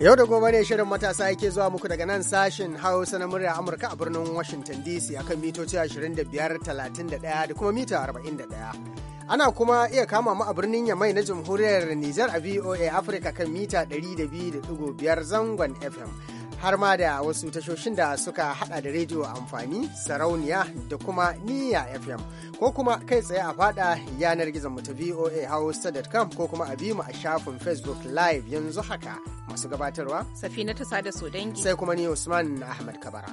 Yau da gobe ne shirin matasa yake zuwa muku daga nan sashen Hausa na murya Amurka a birnin Washington DC akan mitoci 25, 31 da kuma mita 41. Ana kuma iya kama mu a birnin Yamai na Jamhuriyar Nijar a VOA Africa kan mita 200.5 zangon FM. har ma da wasu tashoshin da suka hada da rediyo amfani sarauniya da kuma niya fm ko kuma kai tsaye a fada yanar gizon mu ta voa ko kuma a bi mu a shafin facebook live yanzu haka masu gabatarwa safina ta sada dangi. sai kuma ni usman na ahmad kabara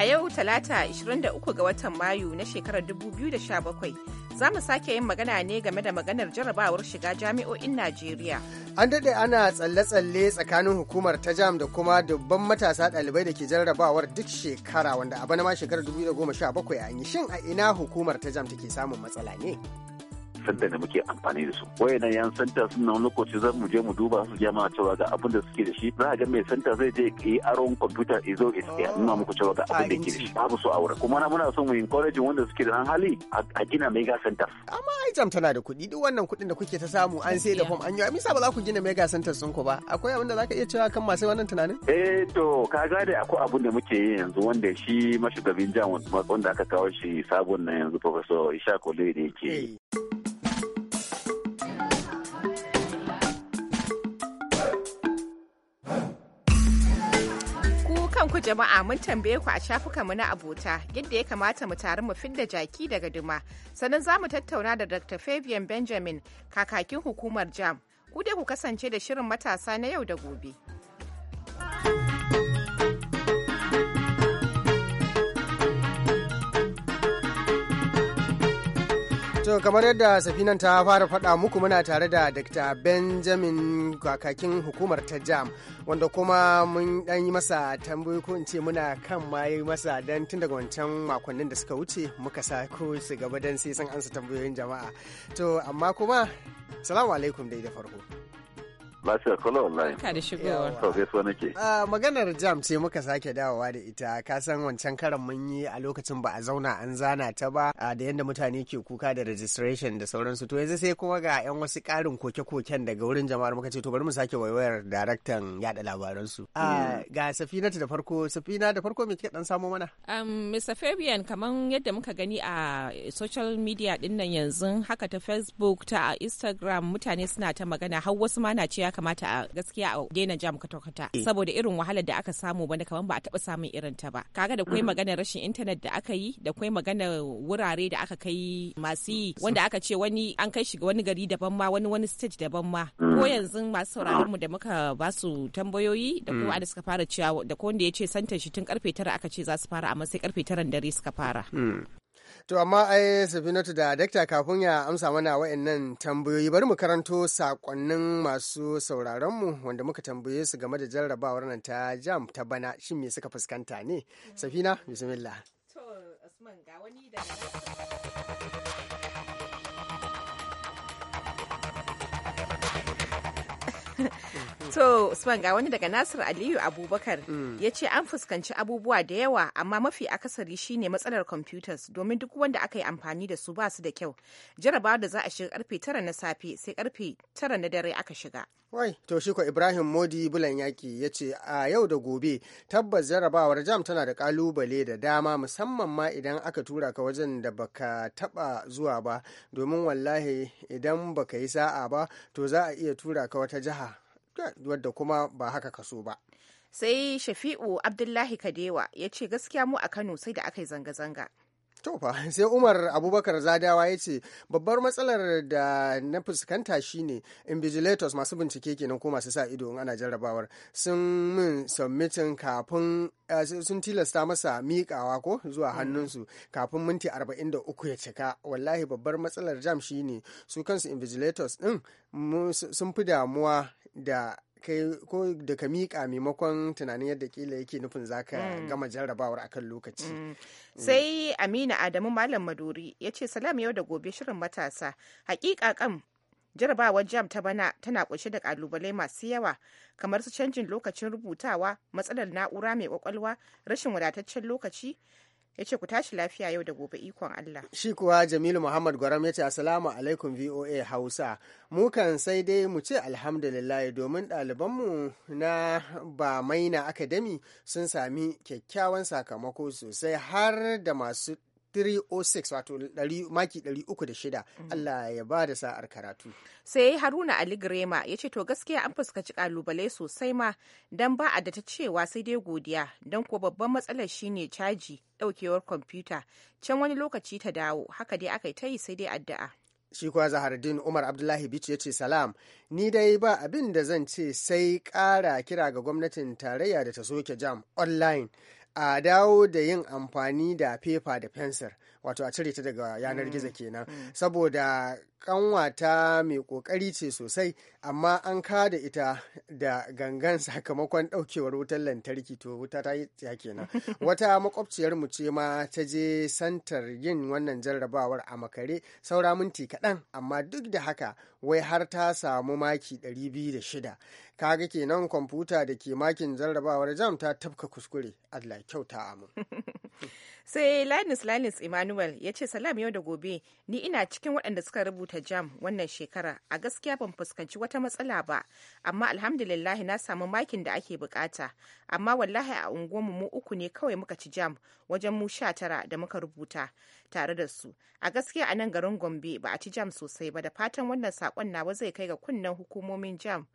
a yau talata 23 ga watan mayu na shekarar 2017 za mu sake yin magana ne game da maganar jarabawar shiga jami'o'in Najeriya. An daɗe ana tsalle-tsalle tsakanin hukumar ta jam da kuma dubban matasa ɗalibai da ke jarrabawar duk shekara wanda a bana ma shekarar 2017 a yi shin a ina hukumar ta jam take samun matsala ne? san da muke amfani da su wayannan yan santa sun nan lokaci zan mu je mu duba su jama'a cewa ga abin da suke da shi za ga mai santa zai je yi aron kwamfuta izo ya nuna muku cewa ga abin da ke da shi babu su aure kuma na muna so mu encourage wanda suke da hali a gina mega santa amma ai jam tana da kuɗi duk wannan kuɗin da kuke ta samu an sai da fom an yi amisa ba za ku gina mega santa sun ku ba akwai abin da za ka iya cewa kan masu wannan tunanin eh to ka gane akwai abin da muke yi yanzu wanda shi mashigabin jam wanda aka kawo shi sabon nan yanzu professor Ishaq da yake eh. Kan ku jama'a mun tambaye ku a shafukanmu na abota yadda ya kamata mu taru mu fidda jaki daga duma. Sannan za mu tattauna da Dr. Fabian Benjamin kakakin hukumar JAM. Ku dai ku kasance da shirin matasa na yau da gobe. To kamar yadda safinan ta fara faɗa muku muna tare da Dr. Benjamin kakakin hukumar ta jam wanda kuma mun ɗan yi masa tambayi ko in ce muna kan ma yi masa dan tun daga wancan makonnin da suka wuce muka sa ko su gaba dan sai sun ansa tambayoyin jama'a. To amma kuma salamu alaikum dai da farko. Lafiya kula online. Ka da ah, maganar jam ce muka sake dawowa da ita ka san wancan karan mun yi a lokacin ba a zauna an zana ta ba ah, da yadda mutane ke kuka da registration da sauransu to yanzu sai kuma ga yan wasu karin koke-koken daga wurin jama'ar muka ce to bari mu sake waiwayar daraktan yada labaransu. Ah, hmm. ga Safina da farko Safina da farko me kika dan samo mana? Mr. Fabian kamar yadda muka gani a social media din nan yanzu haka ta Facebook ta Instagram mutane suna ta magana har wasu ma na ce kamata a gaskiya a daina jam kwata-kwata eh. saboda irin wahalar da aka samu ba kamar ba a taba samun irin ta ba kaga da kwai mm. magana rashin intanet da aka yi da kwai magana wurare da aka kai masu yi wanda aka ce wani an kai shi wani gari daban ma wani wani stage daban ma mm. ko yanzu masu sauraron mu da muka ba su tambayoyi da kuma mm. da suka fara cewa da ko wanda ya ce santan shi tun karfe tara aka ce za su fara amma sai karfe taran dare suka fara To amma ai Safinatu da dakta kafin ya amsa mana wa'annan tambayoyi bari mu karanto sakonnin masu sauraronmu wanda muka tambaye su game da jarrabawar nan ta jam ta bana shin me suka fuskanta ne? Mm. Safina bismillah. To To Usman ga wani daga Nasir Aliyu Abubakar mm. ya ce an fuskanci abubuwa da yawa amma mafi akasari shine matsalar computers domin duk wanda aka yi amfani da su basu da kyau. Jarabawa da za a shiga karfe tara na safe sai karfe tara na dare aka shiga. Wai, to shi Ibrahim Modi Bulan Yaki ya ce a yau da gobe tabbas jarabawar jam tana da kalubale da dama musamman ma idan aka tura ka wajen da baka taba zuwa ba domin wallahi idan baka yi sa'a ba to za a iya tura ka wata jiha wadda kuma ba haka kaso ba sai shafi'u abdullahi kadewa ya ce gaskiya mu a kano sai da aka yi zanga-zanga tofa sai umar abubakar zadawa ya ce babbar matsalar da na fuskanta shine invigilators masu bincike kenan ko masu sa ido ana jarrabawar sun min submitin kafin eh, sun tilasta masa mikawa ko zuwa mm. hannunsu kafin minti 43 ya cika wallahi babbar matsalar jam shine su kansu invigilators din sun fi damuwa da kai ko da ka miƙa maimakon tunanin yadda kila yake nufin zaka mm. gama jarrabawar akan lokaci. Mm. Mm. Sai Aminu Adamu Malam Maduri ya ce salam yau da gobe shirin matasa hakika kan jarabawar jam ta bana tana kunshe da kalubale masu yawa kamar su canjin lokacin rubutawa matsalar na'ura mai kwakwalwa rashin wadataccen lokaci ya ce ku tashi lafiya yau da gobe ikon Allah. Shi kuwa Jamilu Muhammad Gwaram ya ce Assalamu alaikum VOA Hausa. Mu kan sai dai mu ce alhamdulillah domin ɗalibanmu na Bamaina Academy sun sami kyakkyawan sakamako sosai har da masu 306 wato maki 306 mm. Allah ya ba da sa'ar karatu. Sai ya Haruna Ali Grema ya ce to gaskiya an fuskaci kalubale sosai ma don ba a da ta cewa sai dai godiya don kuwa babban matsalar shine caji daukewar kwamfuta can wani lokaci ta dawo haka dai aka yi ta yi sai dai addu'a. shi kuwa zahardin umar abdullahi bichi ya ce salam ni dai ba abin da zan ce sai kara kira ga gwamnatin tarayya da ta soke jam online a dawo da yin amfani da fefa da fensir wato a cire ta daga yanar gizo mm. kenan mm. saboda kanwata mai kokari ce sosai amma an kada ita da gangan sakamakon daukewar wutar lantarki to wuta ta yi ya kenan wata makwabciyar mu ce ma ta je santar yin wannan jarrabawar a makare saura minti kaɗan amma duk da haka wai har ta samu maki ɗari biyu da shida kaga kenan kwamfuta da ke makin jarrabawar jam ta tafka kuskure allah kyauta amin sai linus linus emmanuel ya ce salam yau da gobe ni ina cikin waɗanda suka rubuta jam wannan shekara a gaskiya ban fuskanci wata matsala ba amma alhamdulillah na samu makin da ake bukata amma wallahi a unguwarmu mu uku ne kawai muka ci jam wajen mu sha tara da muka rubuta tare da su a gaskiya a nan garin gombe ba a ci jam sosai ba da fatan wannan saƙon nawa zai kai ga kunnen hukumomin jam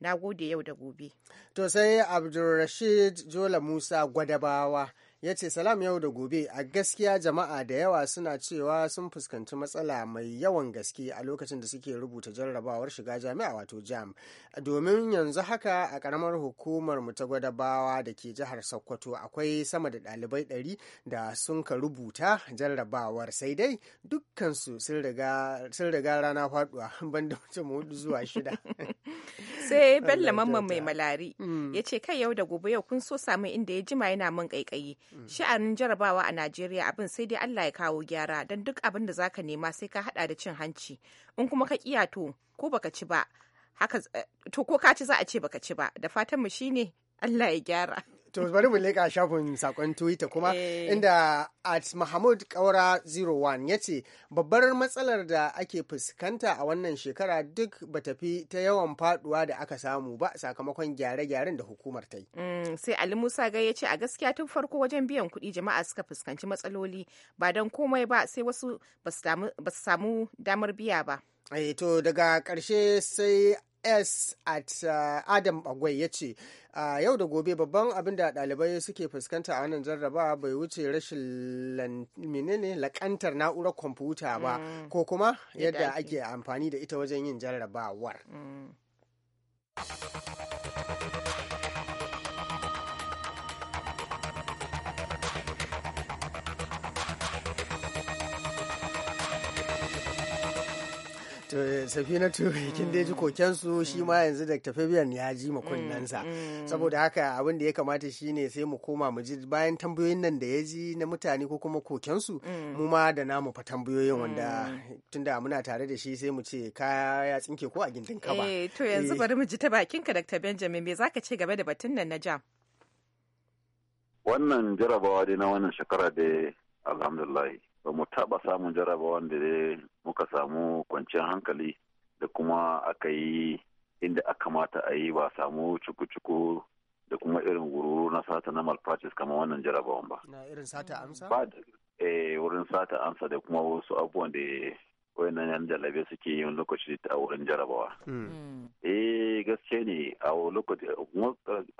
na gode yau da gobe. To sai Abdulrashid Jola Musa Gwadabawa ya ce salam yau da gobe a gaskiya jama'a da yawa suna cewa sun fuskanci matsala mai yawan gaske a lokacin da suke rubuta jarrabawar shiga jami'a wato jam domin yanzu haka a karamar hukumar mu ta gwadabawa da ke jihar sokoto akwai sama da ɗalibai ɗari da sun ka rubuta jarrabawar sai dai dukkansu sun riga rana faduwa banda mutum hudu zuwa shida sai bello mamman mai malari mm. ya ce kai yau da gobe yau kun so samu inda ya jima yana min kaikayi sha'anin jarabawa a najeriya abin sai dai allah ya kawo gyara don duk abin da zaka nema sai ka hada da cin hanci in kuma ka kiya to ko baka ci ba haka eh, to ko ka ci za a ce baka ci ba da fatan mu shine allah ya gyara to bari mu leƙa shafin sakon twitter kuma eh. inda at mahmud kaura 01 ya ce babbar matsalar da ake fuskanta a wannan shekara duk ba tafi ta yawan faduwa da aka samu ba sakamakon gyare-gyaren da hukumar ta yi mm, sai ali musa gai ya ce a gaskiya tun farko wajen biyan kuɗi jama'a suka fuskanci matsaloli ba don komai ba sai wasu ba su samu damar biya ba eh, to daga ƙarshe sai s at uh, adam Agwai ya ce a yau da gobe babban abin da ɗalibai suke fuskanta a nan jarrabawa bai wuce rashin menene lakantar na'urar kwamfuta ba mm. ko kuma yadda ake amfani da ita wajen yin jarrabawar. Mm. to safinatu kin dai ji koken su shi ma yanzu Dr. Fabian ya ji sa mm, mm. saboda haka abin da ya kamata shine sai mu koma mu ji bayan tambayoyin nan da ya ji na mutane ko kuma koken su mm. mu ma da namu fa tambayoyin wanda tunda muna tare da shi sai mu ce ka ya tsinke ko a gindin ka ba eh to yanzu eh. bari mu ji ta bakin ka Dr. Benjamin me zaka ce gaba da batun nan na jam wannan jarabawa dai na wannan shekara da alhamdulillah ba mu taɓa samun jaraba wanda muka samu kwanciyar hankali da kuma aka yi inda aka kamata a yi ba samu cuku-cuku da kuma irin wururu na sata na malpractice kama wannan jarabawan ba. Na irin sata amsa? Ba da eh, wurin sata amsa da kuma wasu abubuwan da wayannan yan jalabe suke yin lokaci a wurin jarabawa. Hmm. Hmm. Eh gaske ne a lokaci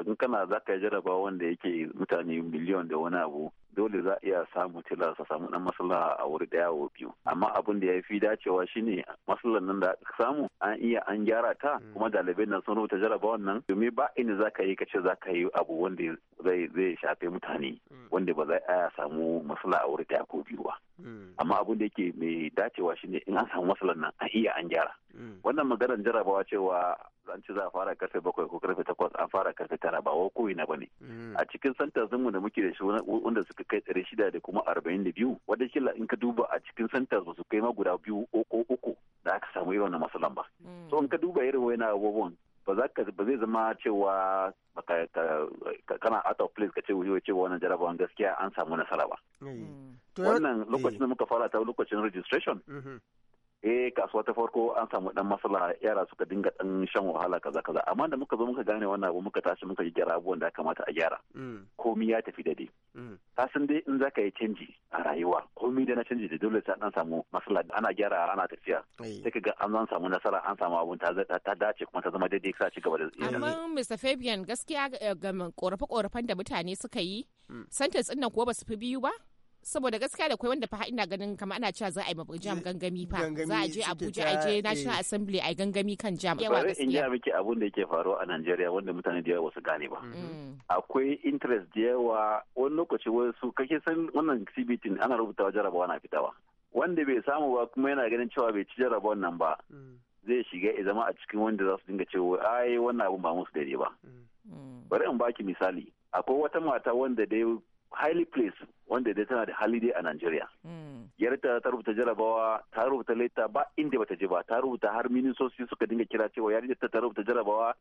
in kana za ka yi jarabawa wanda yake mutane miliyon da wani abu dole za a iya samu tila sa samu dan masala a wuri daya wa biyu amma abin da ya fi dacewa shine masallan nan da aka samu an iya an gyara ta hmm. kuma dalibai nan sun rubuta jarabawan nan domin ba inda za ka yi kace ce za ka yi abu wanda zai shafe mutane hmm. wanda ba za a samu masala a wuri daya ko biyu ba Mm. amma abin da yake mai dacewa shine in an samu matsalar nan a iya an gyara mm. wannan maganar jarabawa cewa an ci za a fara karfe bakwai ko karfe takwas an fara karfe tara ba wa ko'ina ba ne mm. a cikin santa mu da muke da shi wanda suka kai tsare shida da kuma arba'in da biyu wadda kila in ka duba a cikin santa su kai ma guda biyu ko uku da aka samu yawan matsalan ba so in ka duba irin wani abubuwan ba za ka ba zai zama cewa kana out of place ka ce wuyo cewa wannan jarabawan gaskiya an samu nasara ba mm. Mm. wannan eh. lokacin da muka fara ta lokacin registration mm-hmm. eh kasuwa ta farko an samu dan masala yara suka dinga dan shan wahala kaza kaza amma da muka zo muka gane wannan abu muka tashi muka gyara abubuwan da kamata a gyara mm. komi ya tafi da dai mm. ka san dai in zaka yi canji a rayuwa komi da na canji da dole sai an samu masala ana gyara ana tafiya sai ka ga an samu nasara an samu abun ta ta dace kuma ta zama daidai ka ci gaba da amma Mr Fabian gaskiya eh, ga korafe korafen da mutane suka yi mm. sentence din nan kuwa ba su fi biyu ba saboda gaskiya da kai wanda fa ina ganin kamar ana cewa za a yi ma jam gangami fa za a je Abuja a je eh. National Assembly a yi gangami kan jam yawa gaskiya in ji miki abun da yake faruwa a Najeriya wanda mutane da yawa su gane ba mm-hmm. akwai interest da yawa wani lokaci wasu kake san wannan CBT ana rubutawa jarabawa na fitawa wanda bai samu ba kuma yana ganin cewa bai ci jarabawan nan ba mm. zai shiga ya zama a cikin wanda za su dinga cewa ai wannan abun ba musu daidai ba mm. Mm. bari in baki misali akwai wata mata wanda dai highly placed wanda dai tana da hali dai a Najeriya. Hmm. Yarta ta rubuta jarabawa, ta rubuta leta ba inda bata je ba, ta rubuta har minisoci suka dinga kira cewa yarinya ta rubuta jarabawa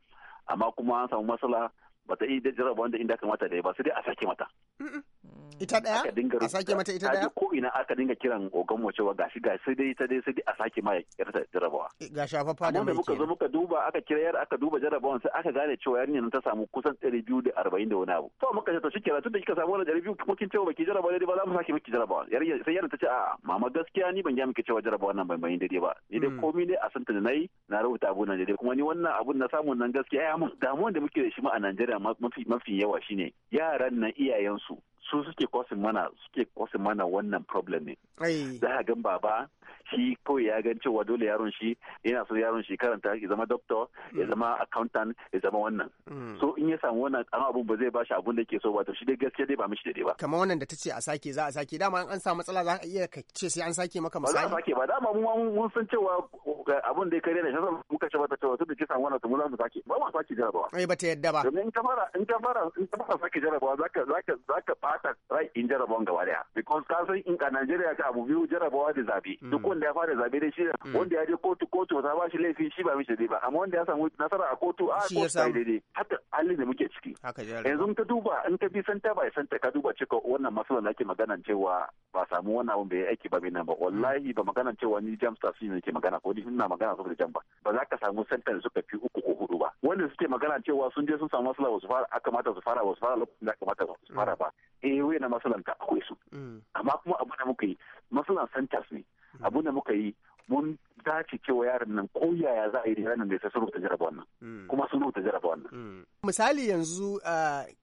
amma kuma an samu matsala ba ta da jira ba wanda inda kamata da ya ba sai dai a sake mata. Ita ɗaya? A sake mata ita ɗaya? Ko ina aka dinga kiran ogan mu cewa gashi ga sai dai ita dai sai dai a sake ma yarta jarabawa. Eh, ga shafafa da mai kenan. muka zo muka duba aka kira yar aka duba jarabawan sai aka gane cewa yarinya ta samu kusan 240 da wani abu. To muka ce to shi kira tun da kika samu wannan ɗari biyu kuma kin cewa baki jarabawa dai ba za mu sake miki jarabawa. Yarinya sai yarinyar ta ce a'a mama gaskiya ni ban ga miki cewa jarabawa nan bai bai dai ba. Ni dai mm. komai ne a santa da nayi na rubuta abun nan dai kuma ni wannan abun na samu nan gaskiya ya mun damuwan da muke da shi ma a Najeriya mafi yawa shine yaran na iyayensu su suke kwasin mana suke kwasin mana wannan problem ne za a gan baba shi kawai ya gan cewa dole yaron shi yana so yaron shi karanta ya zama doctor ya mm. zama accountant ya zama wannan mm. so in ya samu wannan an abun ba zai bashi abun da ke so ba to shi dai gaskiya dai ba mishi daidai ba kamar wannan da ta ce a sake za a sake dama an samu matsala za ka iya ka ce sai an sake maka misali ba za a sake ba dama mu mun san cewa abun da ya kare ne shi muka ce ta cewa tunda ke samu wannan to mu za mu sake ba mu sake jarabawa ai ba ta yadda ba domin in ka fara in ka fara in ka fara sake jarabawa zaka zaka zaka haɗa in jarabawan gaba daya because ka san in ka Najeriya ka abu biyu jarabawa da zabe mm. duk wanda ya fara zabe dai shi mm. wanda ya je kotu kotu ta ba shi laifi shi ba mishi dai ba amma wanda ya samu nasara a kotu a kotu sai dai haka halin da muke ciki yanzu ta duba in ka bi santa ba santa ka duba cika wannan masalan da ake magana cewa ba samu wannan abun bai aiki ba bai nan ba mm. wallahi ba magana cewa ni jam shi ne ke magana ko ni ina magana saboda jam ba ba za ka samu santa da suka fi uku ko hudu ba wanda suke magana cewa sun je sun samu matsala ba su fara kamata su fara ba su fara lokacin da kamata ba su fara ba eh wai na masalan ta akwai su mm. amma kuma abu da muka yi masalan centers ne mm. abu da muka yi mun dace cewa yaran nan ko yaya za a yi yaran da ya sun rubuta jaraba wannan mm. kuma sun rubuta jaraba wannan misali yanzu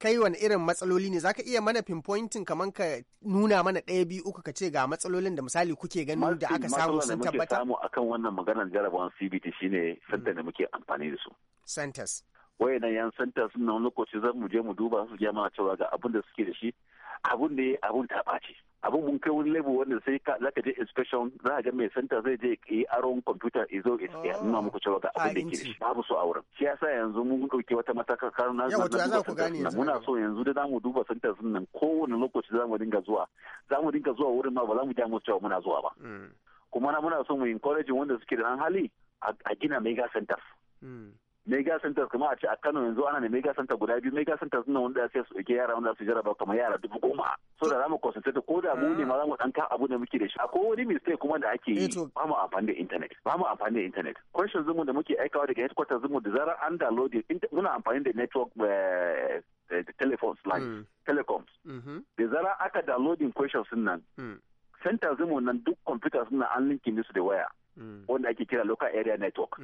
kai wani irin matsaloli ne zaka iya mana pinpointing kaman ka nuna mana ɗaya biyu uku ka ce ga matsalolin da misali kuke ganin da aka samu sun tabbata samu akan wannan maganar jarabawan CBT shine sanda da muke amfani da su centers wayannan yan centers na wani lokaci zan mu je mu duba su ga mana cewa ga abin da suke da shi abun ne abun ta ɓaci abun mun kai wani lebu wanda sai za ka je inspection za ka ga mai center zai je ki aron computer izo is ya nuna muku cewa ga abin da ke shi ah, babu su auren shi yasa yanzu mun dauke wata matakar karu na muna so yanzu da zamu duba center sun nan kowane lokaci zamu dinga zuwa zamu dinga zuwa wurin ma ba za mu ja musu cewa muna zuwa ba hmm. kuma na muna so mu encourage wanda suke da hali a gina mega centers hmm. mega centers kuma a ce a Kano yanzu ana ne mega center guda biyu mega centers suna wanda sai su ɗauke yara wanda su jaraba kamar yara dubu goma so da zamu concentrate ko da mu ne ma zamu dan kan abu da muke da shi akwai wani mistake kuma da ake yi eh ba mu amfani da internet ba mu amfani da internet questions zumu da muke aikawa daga headquarters zumu da zarar an download muna amfani da network eh, eh, telephones like mm. telecoms mm-hmm. da zarar aka downloading questions nan mm. centers zumu nan duk computers suna an linkin su da waya mm. wanda ake kira local area network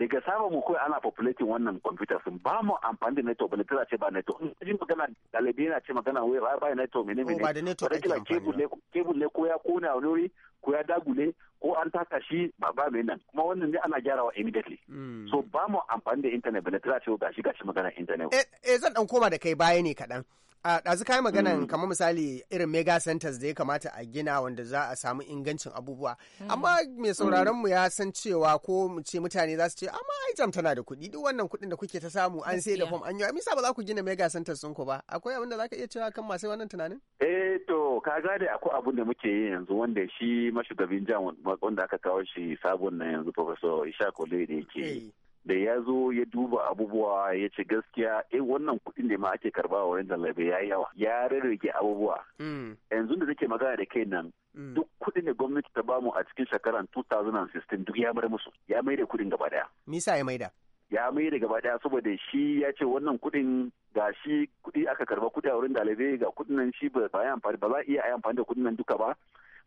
daga saba mu kawai ana populating wannan computer sun ba mu amfani da network bane tana ce ba network in ji magana galibi yana ce magana wai ba network mene mene oh, ba da network ake amfani cable ne ko ya kone wani wuri ko ya dagule ko an taka shi ba ba mai nan kuma wannan ne ana gyarawa immediately hmm. so ba mu amfani da internet bane tana ce ga shi magana internet eh, eh zan dan koma da kai baya ne kadan a ɗazu kayi maganan mm. kamar misali irin mega centers da ya kamata a gina wanda za a samu ingancin abubuwa mm. amma mai sauraron mm. mu ya san cewa ko mu ce mutane za su ce amma ai tana da kuɗi duk wannan kuɗin da kuke ta samu an sai da fom an yi misa ba za ku gina mega centers sun ku ba akwai abin da za ka iya cewa kan masu wannan tunanin eh to ka da akwai abin da muke yi yanzu wanda shi mashugabin jan wanda aka kawo shi sabon nan yanzu professor Isha Kole da yake eh. da ya zo ya duba abubuwa ya ce gaskiya eh wannan kuɗin ne ma ake karba wa wurin dalibai ya yawa ya rarrage abubuwa hmm. yanzu da take magana da kai nan hmm. duk kuɗin da gwamnati ta bamu a cikin shekaran 2016 duk ya bar musu ya maida kuɗin gaba daya misa ya maida ya mai da gaba daya saboda shi ya ce wannan kudin ga shi kudi aka karba kudi a wurin dalibai ga kudin nan shi ba amfani ba za a iya amfani da kudin nan duka ba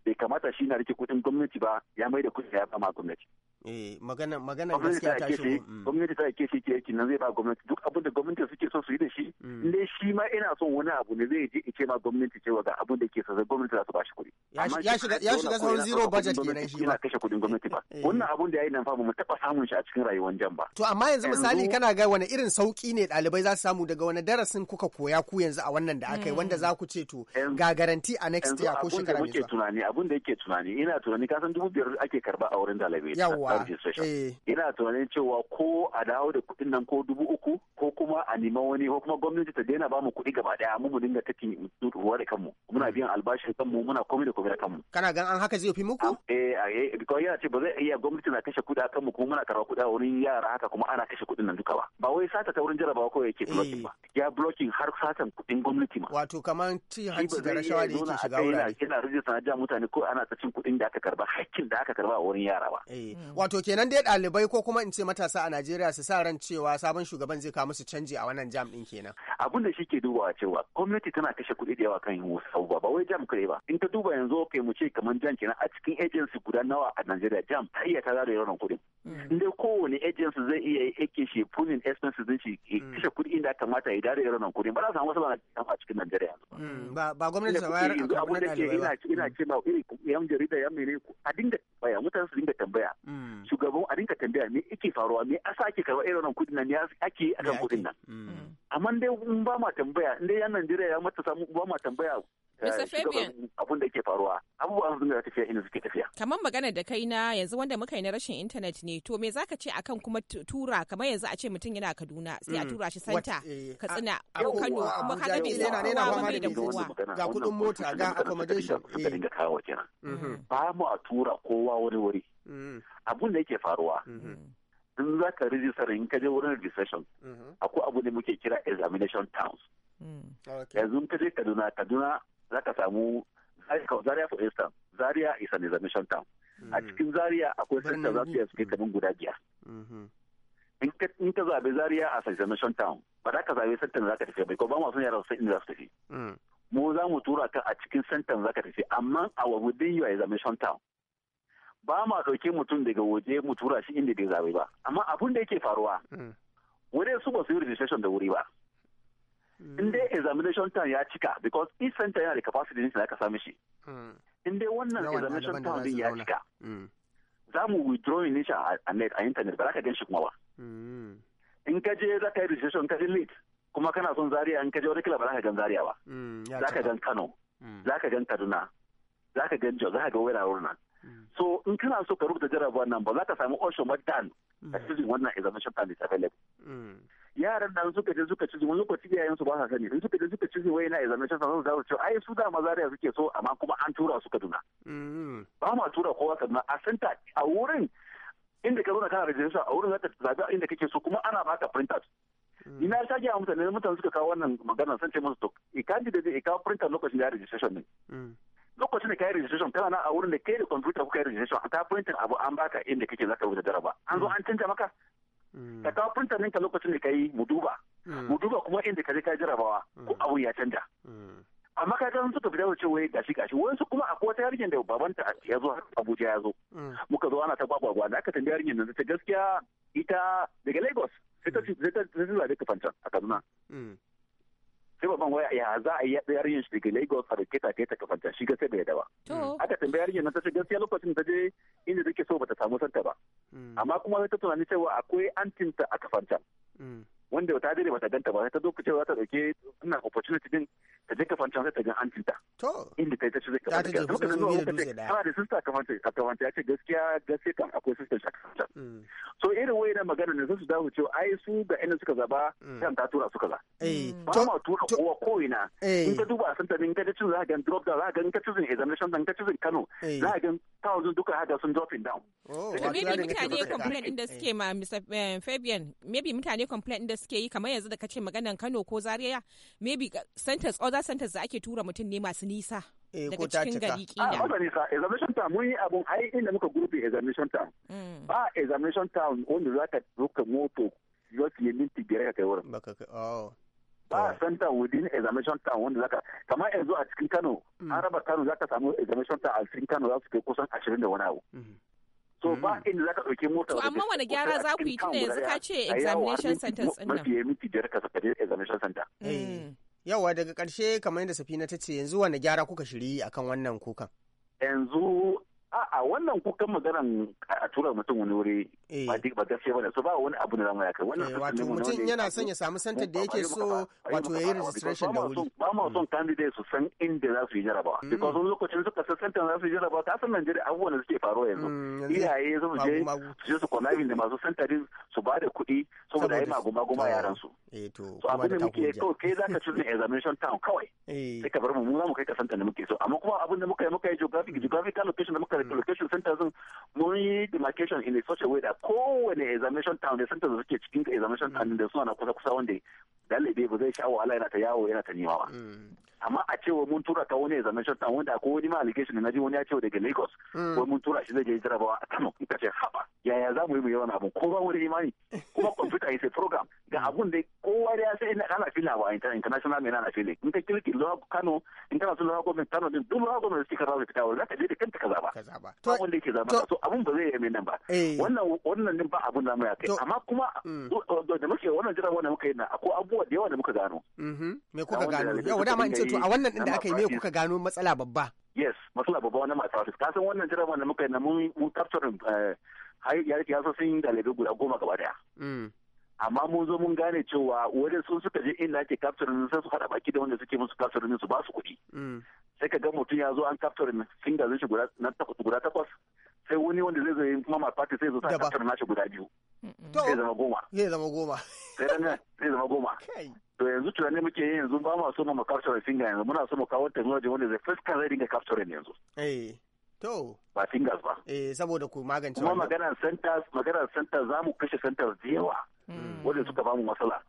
bai kamata shi na rike kudin gwamnati ba ya mai da kudi ya ba ma gwamnati eh magana magana gaskiya ta shi mm. gwamnati ta yake shi ke yake nan zai ba gwamnati duk abin da gwamnati suke so su yi da shi mm. ne shi ma ina son wani abu ne zai je in ce ma gwamnati cewa ga abin da ke so sai gwamnati za su ba shi kuɗi ya shiga ya shiga sauran zero budget ne shi ba kashe kudin gwamnati ba eh. wannan abun da yayi nan fa ba mu taba samun shi a cikin rayuwar jan ba to amma yanzu misali kana ga wani irin sauki ne ɗalibai za su samu daga wani darasin kuka koya ku yanzu a wannan da aka yi hmm. wanda za ku ce to ga garanti a next year ko shekara mai zuwa abin da yake tunani ina tunani kasan dubu biyar ake karba a wurin dalibai yawa eh. ina tunanin cewa ko a dawo da kuɗin nan ko dubu uku ko kuma a nima wani ko kuma gwamnati ta daina bamu kuɗi gaba daya mu mu dinga take ruwa da kanmu muna hmm. biyan albashin kanmu muna komai da komai da kanmu kana gan an haka zai fi muku eh eh ko ya ce ba zai iya gwamnati na kashe kuɗi a kanmu kuma muna karba kuɗi a wurin yara haka kuma ana kashe kuɗin nan duka ba ba wai sata ta wurin jarabawa ko yake blocking eh. ba ya blocking har satan kuɗin gwamnati ma wato kamar ci hanci da rashawa da yake shiga wurare yana rijista na ja mutane ne ko ana ta cin da aka karba hakkin da aka karba a wurin yara ba. Eh, wato kenan dai ɗalibai ko kuma in ce matasa a Najeriya su sa ran cewa sabon shugaban zai kawo musu canji a wannan jam ɗin kenan. abun da shi ke dubawa cewa gwamnati tana kashe kuɗi da yawa kan yin wasu ba ba wai jam kare ba. In ta duba yanzu kai mu ce kamar jam kenan a cikin agency guda nawa a Najeriya jam ta iya ta zara yawan kuɗin. Mm. inda kowane agency zai iya yake shi pulling expenses din shi mm. kashe kuɗi inda kamata ya dare irin kuɗi ba za su samu wasu matsala a cikin Najeriya yanzu ba mm. ba gwamnati ta bayar a abin da ke ina ina ce ma irin yan jarida yan mene a dinga tambaya mutane su dinga tambaya shugaban a dinga tambaya me yake faruwa me asa ake karɓar irin kuɗin nan ya ake akan kuɗin nan amma dai in ba ma tambaya in dai yan Najeriya ya mata samu ba ma tambaya eh, Mr. abin da ke faruwa abubuwa sun ga tafiya inda suke tafiya kamar magana da kai na yanzu wanda muka yi na rashin intanet ne to me zaka ce akan kuma tura kamar yanzu a ce mutum yana Kaduna sai a mm. tura shi santa eh, Katsina ko Kano kuma kaga bai yana ne na fama da kowa ga kudin mota ga accommodation da eh. dinga kawo mm-hmm. Mm-hmm. ba mu a tura kowa wuri wuri mm. abun da yake faruwa mm-hmm. in za ka rijistar in ka je wurin registration mhm. akwai abu ne muke kira examination towns mm. yanzu ka je kaduna kaduna za ka samu zaria for instance zaria is an examination town a mm. cikin zaria akwai center za su yi mm. kamar guda biyar mm-hmm. in ka zabe zaria a examination town ba za ka zabe center za ka tafi bai ko ba masu yara sai inda za su tafi mu za mu tura ka a cikin center za ka tafi amma a yi a examination town ba ma ɗauke mutum daga waje mu tura shi inda bai zabe ba amma abin da yake faruwa mm. wurin su ba su yi registration da wuri ba mm. in dai examination time ya cika because each center yana da capacity din da aka sami shi mm. in dai wannan examination time din ya cika za mu withdraw ne shi a net a internet ba za ka gan shi kuma ba in ka je za ka yi registration ka je late kuma kana son zaria in ka je wani kila ba za ka gan zaria ba za ka gan kano za ka gan kaduna za ka gan jos za ka gan wuraren nan so in kana so ka rubuta jarabawa nan ba za ka samu option ba dan a cikin wannan examination plan is available mm. yaran nan suka je suka ci wani lokaci yayin su ba sa sani suka je suka ci wai na examination sa za su ce ai su da maza da suke so amma kuma an tura su Kaduna mm. ba ma tura kowa Kaduna a center a wurin inda ka zauna kana rajista a wurin zaka zabi inda kake so kuma ana baka printout mm. ina ta gaya mutane mutane suka kawo wannan maganar sun ce musu to e kandi da e kawo printout lokacin da ya registration ne lokacin da kayi registration kana na a wurin da kai da computer kuka yi registration an ta printin abu an baka inda kake zaka wuce jaraba an zo an canja maka hmm. ka kawo printer ninka lokacin da kayi mu duba hmm. mu duba kuma inda ka je ka jarabawa ko hmm. abun ya canja amma ka gan suka fita wace wai gashi gashi wasu kuma akwai wata yarinya da babanta ya zo Abuja ya zo muka zo ana ta gwagwagwa da aka tambi yarinya da ta gaskiya ita daga Lagos sai ta zai ka zai a Kaduna sai babban waya ya za a yi yarinyar shi daga Lagos a rike ta kai ta kafanta shi sai bai da ba hmm. aka tambayi yin nan ta ce gaskiya lokacin ta je inda take so bata samu santa ba hmm. amma kuma sai ta tunani cewa akwai antin ta a kafanta hmm. wanda ta dare bata ganta ba sai ta zo cewa ta dauke ina opportunity din ta je kafanta sai ta ga antin ta to inda ta ce zai kafanta ta ce lokacin da ana da sister kafanta a kafanta ya ce gaskiya gaskiya kan akwai sister shi a kafanta so irin wayan magana ne sai su dawo cewa ai su ga inda suka zaba kan ta tura suka za Eh, mm. ba ma tura kowa ko ina eh. in ka duba a santa in ka cin za ka gan drop down za ka gan ka cin examination dan ka cin Kano eh. za ka gan thousand duka haka sun dropping down oh, maybe mutane complaint din da suke ma Mr Fabian maybe mutane complaint din da suke yi kamar yanzu da kace maganan Kano ko Zaria maybe centers other centers da ake tura mutum ne masu nisa daga cikin gari ah, kila. A nisa examination town mun yi abun ai inda muka gurbe examination town. Mm. Ba examination town wanda za ka roka moto yau ya minti biyar ka kai wurin. ba a san town within examination town wanda zaka kamar yanzu a cikin Kano mm. an raba Kano zaka samu examination town a cikin Kano za su kai kusan 20 da wani abu mm. so ba mm. inda zaka dauke mota to amma wani gyara za ku yi tunda yanzu ka ce examination center din nan mafi miki jar ka saka examination center yawa daga karshe kamar yadda Safina ta ce yanzu wani gyara kuka shiri akan wannan kukan yanzu A'a wannan kukan maganan a tura mutum wani wuri eh. ba duk ba gaske bane so ba wani abu da zamu kai wannan eh, wato mutum yana son ya samu santar da yake so wato yayi registration da wuri ba ma son hmm. candidate su san inda za su yi jarabawa hmm. because wani lokacin suka san santar za su yi jarabawa ka san Najeriya abubuwan da suke faruwa yanzu hmm, iyaye su je su je su konabin da masu santarin su ba da kuɗi saboda yayi maguma-guma yaran su eh to so abin da muke kawai kai zaka ci examination town kawai eh. sai ka bar mu mu za mu kai ka santar da muke so amma kuma abin da muka yi muka yi geographic geographical location da muka relocation centers mun yi demarcation in such a way da kowane examination town da centers da suke cikin examination town da suna na kusa kusa wanda dalibi ba zai sha wahala yana ta yawo yana ta nema ba mm. amma a wa mun tura ta wani examination town wanda ko wani ma allegation na ji wani ya ce daga Lagos ko mm. mun tura shi zai je jarabawa a Kano in ka ce haba yaya za mu yi mu yi wani abin ko ba mu imani kuma kwamfuta ya sai program ga abun da kowa da ya sai ina kana fili ba a international mai nana fili in ka kirki lawa kano in kana son lawa gwamnati kano din duk lawa gwamnati suke kaza da kawo za ka je da kanta ka zaba ba wanda yake zaba so abun ba zai yi nan ba eh. wannan wannan din ba abun da mu ya kai amma kuma mm. da muke wannan jira wannan muka yi na akwai abubuwa da yawa da muka gano mm-hmm. me kuka gano yau da ma in ce to a wannan din da aka yi me kuka gano matsala babba yes matsala babba wannan masu ka san wannan jira wannan muka yi na mun capturing eh, har ya rufe yaso sun yi galibi guda goma gaba daya. Mm. Amma mun zo mun gane cewa wani sun suka je inda ake capturing sai su hada baki da wanda suke musu capturing su ba su kuɗi. Mm. Sai ka ga mutum ya zo an capturing finger zai shi guda takwas sai wani wanda zai zo kuma ma party sai zo sa capturing nashi guda biyu. Zai zama goma. Zai zama goma. Sai zai zama goma. To yanzu tunani muke yin yanzu ba ma so mu capturing finger yanzu muna so mu kawo technology wanda zai fuskar zai dinga capturing yanzu. Eh. To. Ba fingers ba. Eh saboda ku magance Kuma maganar centers, maganar centers za mu kashe centers da yawa. Mm. Wanda suka bamu matsala.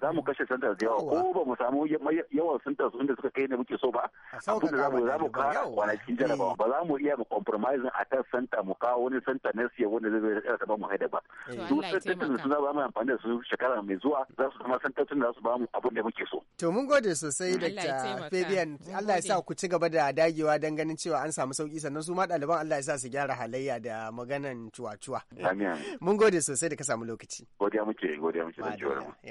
za mu kashe santa da yawa ko ba mu samu yawan santa su inda suka kai ne muke so ba abin da za mu za mu kara kwanakin jarabawa eh. ba za mu iya mu compromise a kan santa mu kawo wani santa na siya wanda zai zai ba mu haida ba eh. to santatun da su za mu amfani da su shekara mai zuwa za su zama santatun da za su ba mu abin da muke so. to mun gode sosai da Fabian Allah ya sa ku ci gaba da dagewa dan ganin cewa an samu sauki sannan su ma ɗaliban Allah ya sa su gyara halayya da maganan cuwa-cuwa. Mun gode sosai da ka samu lokaci. Godiya muke godiya muke da jiwa. mu.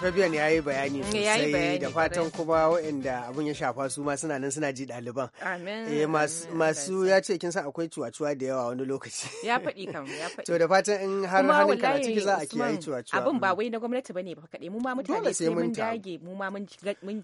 Fabian ya yi bayani sosai da fatan kuma waɗanda abin ya shafa su ma suna nan suna ji ɗaliban. Amin. Eh, masu ya ce kin san akwai cuwa-cuwa da yawa wani lokaci. Ya faɗi kam ya faɗi. To da fatan in har hannun karatu ki za a kiyaye cuwa-cuwa. Abin ba mm. wai na gwamnati ba ne ba kaɗai mu ma mutane sai mun dage mu ma mun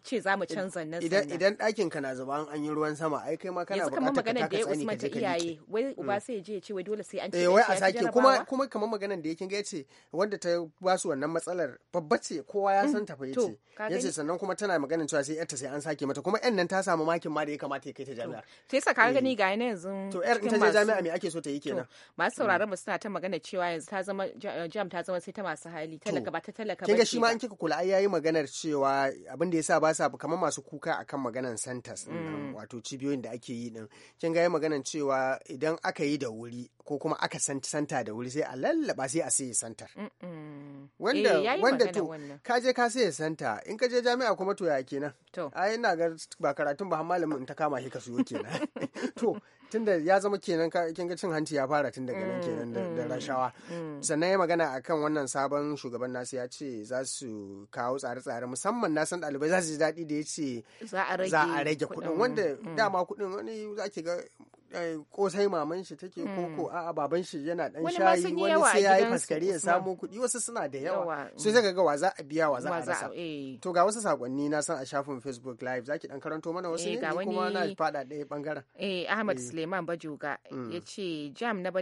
ce za mu canza nan. Idan idan ɗakin ka na zuba an an yi ruwan sama ai kai ma kana buƙatar ka taka tsani ka je ka iyaye wai mm. uba sai ya je ya ce wai dole sai an ce. Eh, wai a sake kuma kuma kamar maganar da yake ga ya ce wanda ta basu wannan matsalar babba ce kowa kowa ya mm. san tafa yace yace sannan kuma tana magana cewa sai yarta sai an sake mata kuma yan nan ta samu makin ma da ya kamata ya kai ta jami'a to yasa ka gani eh. ga yana yanzu to yar in ta je jami'a me ake so ta yi kenan masu mm. sauraron mu suna ta magana cewa yanzu ta zama eh, jam ta zama sai ta masu hali talaka ba ta talaka ba kinga shi ma an kika kula ai yayi maganar cewa abin da yasa ba sa kamar masu kuka akan maganar santas mm. wato cibiyoyin da ake yi din ga yayi maganar cewa idan aka yi da wuri ko kuma aka santa da wuri sai a lallaba sai a sai santar wanda eh, wanda to ka je ka sai santa in ka je jami'a kuma to ya kenan to ai ina ga ba karatun ba malamin ta kama shi ka suyo kenan to tunda ya zama kenan kin ga cin hanci ya fara tun daga nan mm, kenan da mm, rashawa mm. sannan ya magana akan wannan sabon shugaban nasu ya ce za su kawo tsare-tsare musamman na san ɗalibai za su ji daɗi da ya ce za a rage kuɗin wanda dama kuɗin wani za ki ga Eh, kosai maman shi take koko hmm. a'a baban shi yana dan shayi wani sai yayi faskari ya samu kuɗi wasu suna da yawa sai zaka hmm. ga wa za a biya wa za a rasa eh. to ga wasu sakonni na san a shafin Facebook live zaki dan karanto mana wasu eh, ne kuma na fada ɗaya bangaren eh Ahmad Suleiman bajuga hmm. yace jam na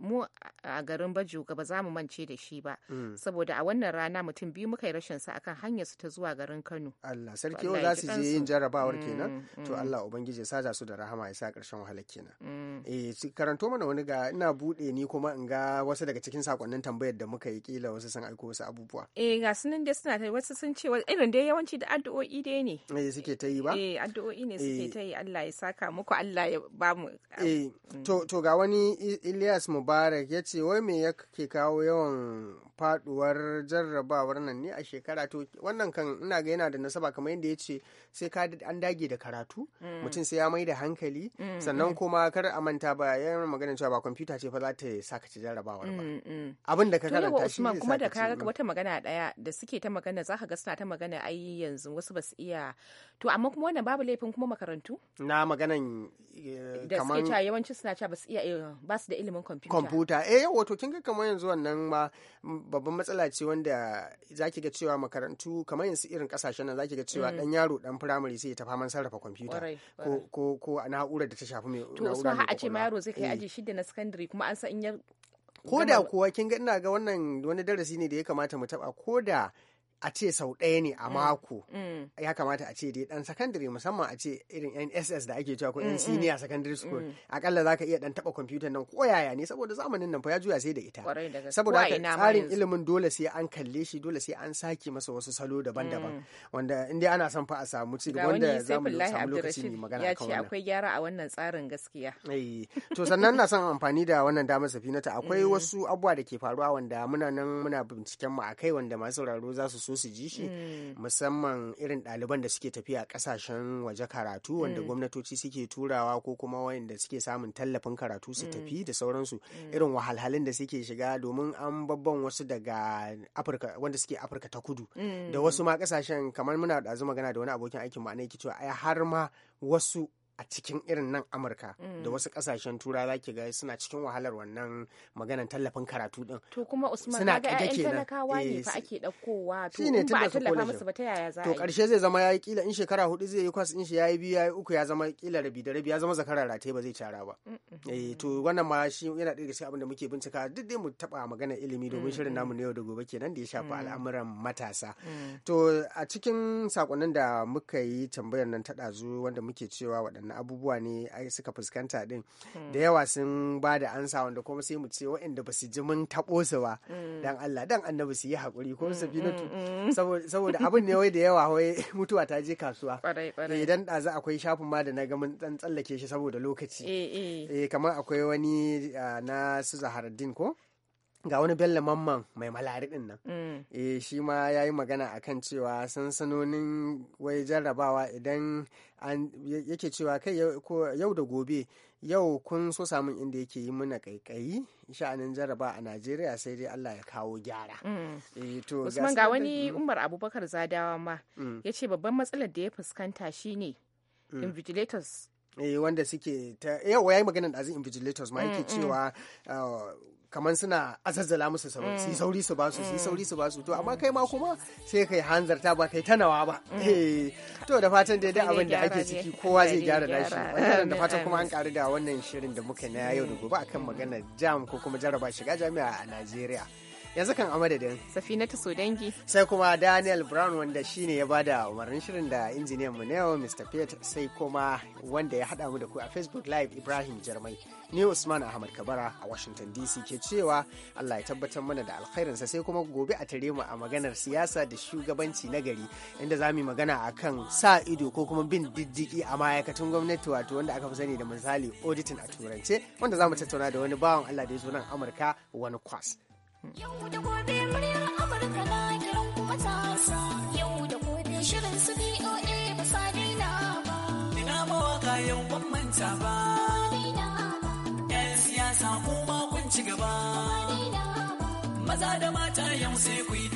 mu a garin bajuga ba za mu mance da shi ba saboda a wannan rana mutum biyu muka yi rashin sa akan hanyar su ta zuwa garin Kano Allah sarki yau za su je yin jarrabawar kenan to Allah ubangiji ya saja su da rahama ya sa karshen wahala kenan Mm. Eh, karanto mana wani ga ina bude ni kuma in ga wasu daga cikin sakonnin tambayar da muka yi kila wasu sun aiko wasu abubuwa eh ga su nan dai suna ta wasu sun ce irin dai yawanci da addu'o'i dai ne eh suke ta yi ba eh addu'o'i ne suke eh. ta yi Allah ya saka muku Allah ya ba mu um, eh mm. to to ga wani Ilyas Mubarak ya ce wai me yake kawo yawan faduwar jarrabawar nan ne a shekara to wannan kan ina ga yana da nasaba kamar yadda ya ce sai ka an dage da karatu mm. mutum sai ya mai da hankali sannan kuma kuma kar a manta ba yayin magana cewa ba kwamfuta ce fa za ta saka ci jarrabawar ba mm, mm. abin da ka karanta shi ne kuma da ka wata magana daya da suke ta magana zaka ga suna ta magana ai yanzu wasu ba su iya to amma kuma wannan babu laifin kuma makarantu na maganan eh, da suke cewa yawancin suna cewa basu iya eh, ba su da ilimin kwamfuta kwamfuta eh yawa to kin ga kamar yanzu wannan ma mm, babban matsala ce wanda zaki ga cewa makarantu kamar yanzu irin kasashen nan zaki ga cewa dan mm. yaro dan primary sai ya tafi man sarrafa kwamfuta ko ko ko na'urar da ta shafi mai to so har a ce ma yaro zai kai eh. aji shida na secondary kuma an san in ya ko da kuwa kin ga ina ga wannan wani darasi ne da ya kamata mu taba ko da a ce sau ɗaya ne a mm. mako mm. ya kamata a ce dai dan sakandare musamman a ce irin NSS da ake cewa ko yan mm, senior secondary school akalla zaka iya dan taba computer nan ko yaya ne saboda zamanin nan fa ya juya sai da ita saboda tsarin ilimin dole sai an kalle shi dole sai an sake masa wasu salo daban-daban wanda in ana son fa a samu ci gaba wanda zamu samu lokaci ne magana akan wannan ya ce akwai gyara a wannan tsarin gaskiya eh to sannan na son amfani da wannan damar safinata akwai wasu abubuwa da ke faruwa wanda muna nan muna binciken mu akai wanda masu sauraro za su so su ji shi mm. musamman irin ɗaliban da suke tafiya ƙasashen waje karatu wanda mm. gwamnatoci suke turawa ko kuma wayanda suke samun tallafin karatu su mm. tafi da sauransu irin wahalhalun da suke shiga domin an babban wasu daga afirka wanda suke afirka ta kudu da wasu ma ƙasashen kamar muna da magana da wani abokin aikin ma'ana ke cewa ai har ma wasu a cikin irin nan amurka mm. da wasu kasashen turawa za ki ga suna cikin wahalar wannan maganan tallafin karatu din to kuma usman suna ga ƴaƴan talakawa ne eh, fa ake daukowa to ba a tallafa musu ba ta yaya za a yi to karshe zai zama yayi kila in shekara hudu zai yi kwas in shi yayi biyu yayi uku ya zama kila rabi da rabi ya zama zakara rataye ba zai tara ba eh to wannan ma shi yana daga cikin abin da muke bincika duk dai mu taba magana ilimi domin shirin namu na yau da gobe kenan da ya shafi mm. al'amuran matasa mm. to a cikin sakonnin da muka yi tambayar nan ta dazu wanda muke cewa waɗannan waɗannan abubuwa ne suka fuskanta din hmm. da yawa sun ba da ansa wanda kuma sai mu ce waɗanda ba su ji mun taɓo su ba hmm. dan Allah dan annabi su yi hakuri ko hmm, su bi saboda abin ne wai da yawa wai mutuwa ta je kasuwa idan ɗazu akwai shafin ma da na ga mun tsallake shi saboda lokaci eh, eh. Eh, kamar akwai wani ah, na su zaharaddin ko ga wani bello mamman mai malari din nan mm. eh shi ma ya yi magana akan cewa sansanonin wai jarrabawa idan yake cewa kai yau da gobe yau kun so samun inda yake yi muna kaikayi sha'anin jaraba a najeriya sai dai allah ya kawo gyara mm. eh, usman ga wani umar abubakar zadawa ma mm. ya babban matsalar da ya fuskanta shine invigilators eh wanda suke yau yawa yayi maganar da invigilators ma yake cewa uh, kamar suna azazzala musu mm. sauri su sauri su basu su sauri su basu to amma mm. kai ma kuma sai kai hanzarta ba kai tanawa ba mm. eh, to da fatan dai abin da ake ciki kowa zai gyara nashi da fatan kuma an karu da wannan shirin da muka na yau da gobe akan magana jam ko kuma jaraba shiga jami'a a Najeriya yanzu kan a madadin safinatu dangi. sai kuma daniel brown wanda shine ya bada umarnin shirin da injiniyan mu ne mr pete sai kuma wanda ya hada mu da ku a facebook live ibrahim jarmai ni usman ahmad kabara a washington dc ke cewa allah ya tabbatar mana da alkhairinsa sai kuma gobe a tare mu a maganar siyasa da shugabanci na gari inda za mu magana akan sa ido ko kuma bin diddiki a ma'aikatan gwamnati wato wanda aka fi sani da misali auditing a turance wanda za mu tattauna da wani bawan allah da ya zo nan amurka wani kwas Yau da gobe muryar Amurka kiran kuma matasa. Yau da gobe shirin su BOA ba sa ba. Ina mawaka kayan ban manta ba. Yan siyasa kuma kun ci gaba. Maza da mata yau sai ku